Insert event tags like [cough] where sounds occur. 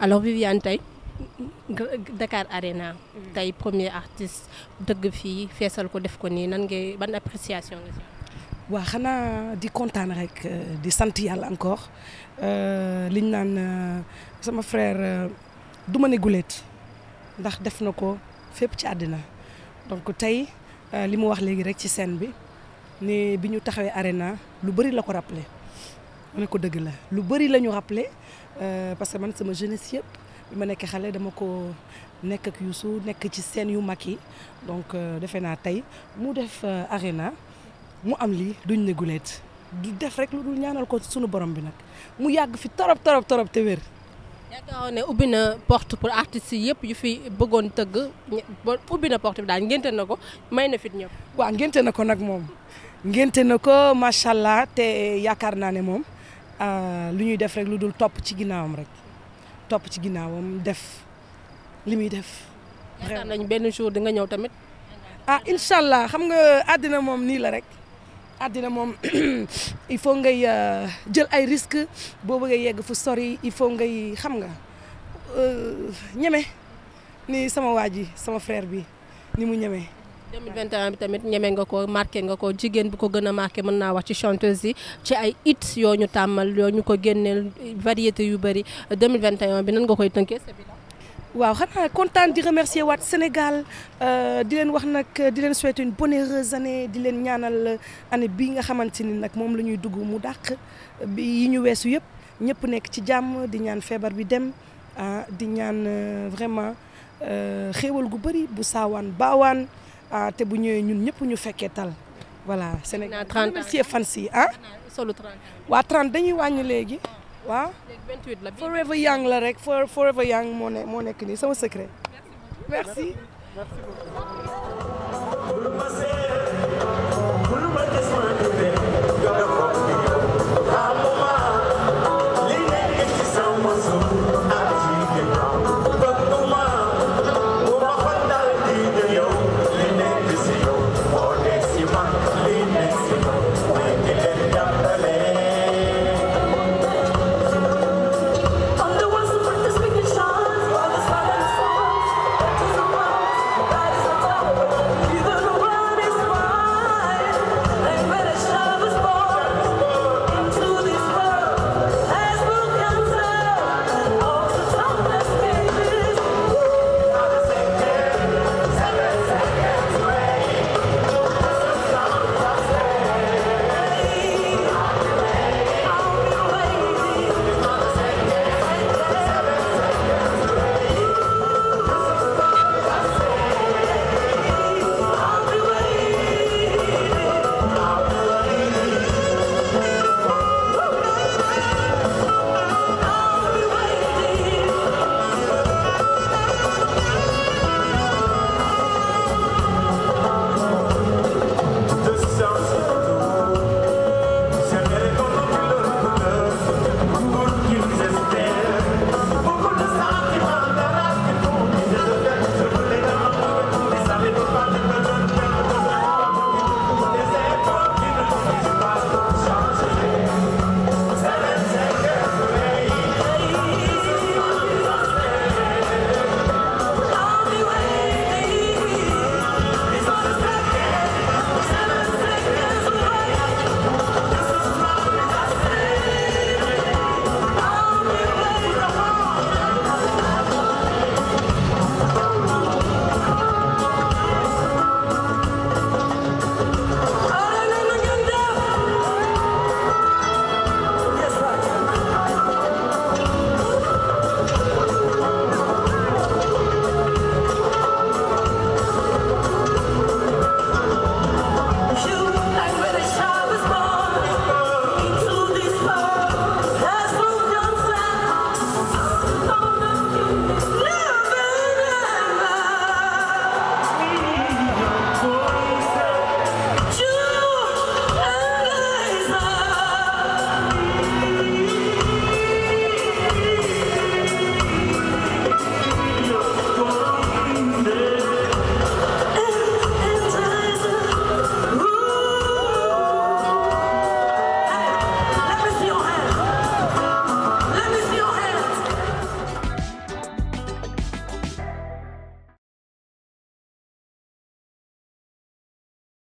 alors Viviane tey Dakar Arena. tay premier artiste dëgg fii feesal ko def ko nii nan ngay ban appréciation nga xanaa di kontaan rek euh, di sant yàlla encore euh, liñ naan euh, sama frère du ma ne guléet ndax def na ko fépp ci àddina donc tey li mu wax léegi rek ci seen bi ni bi ñu taxawee arena lu bëri la ko rappelé mu ne ko dëgg la lu bëri la ñu rappelé euh, parce que man sama jeunesse yëpp ma nekk xale dama ko nekk yu su nekk ci seen yu mag yi donc euh, defe naa tey mu def euh, arena mu am lii duñ ne guleet du def rek lu dul ñaanal ko sunu borom bi nag mu yàgg fi torop torop torop te wér. yaakaar ne ubbi na porte pour artistes yi yëpp yu fi bëggoon tëgg ba ubbi na porte bi daal ngénte na ko may na fit ñëpp. waaw ngénte na ko nag moom ngénte na ko macha allah te yaakaar naa ne moom. Ah, lu ñuy def rek lu dul topp ci ginnaawam rek topp ci ginnaawam def li muy def. yaakaar nañ benn jour di nga ñëw tamit. ah incha allah xam nga àddina moom nii la rek addina moom [clears throat] il faut ngay ah, jël ay risques boo bëggee yegg fu sori il faut ngay xam nga euh, ñeme ni sama waa ji sama frère bi ni mu ñeme. 2021 bi tamit ñeme nga ko marqué nga ko jigéen bu ko gën a marqué mën naa wax ci chanteuse yi ci ay it yoo ñu tàmmal yoo ñu ko génneel variété yu bëri 2021 bi nan nga koy tënkee waaw xanaa kontaan di remercier waat Sénégal euh, di leen wax nag di leen souhaiter une bonne heureuse année di leen ñaanal année bii nga xamante ni nag moom la ñuy dugg mu dàq bi yi ñu weesu yëpp ñëpp nekk ci jàmm di ñaan feebar bi dem ah di ñaan euh, vraiment euh, xéewal gu bëri bu saawaan baawaan ah te bu ñëwee ñun ñëpp ñu fekkee tal voilà. Sénégal remercier fans yi ah. solo 30 waa 30 dañuy wàññi léegi. Ah. waaw léegi 28 la. rek forever young moo nekk nii sama secret. merci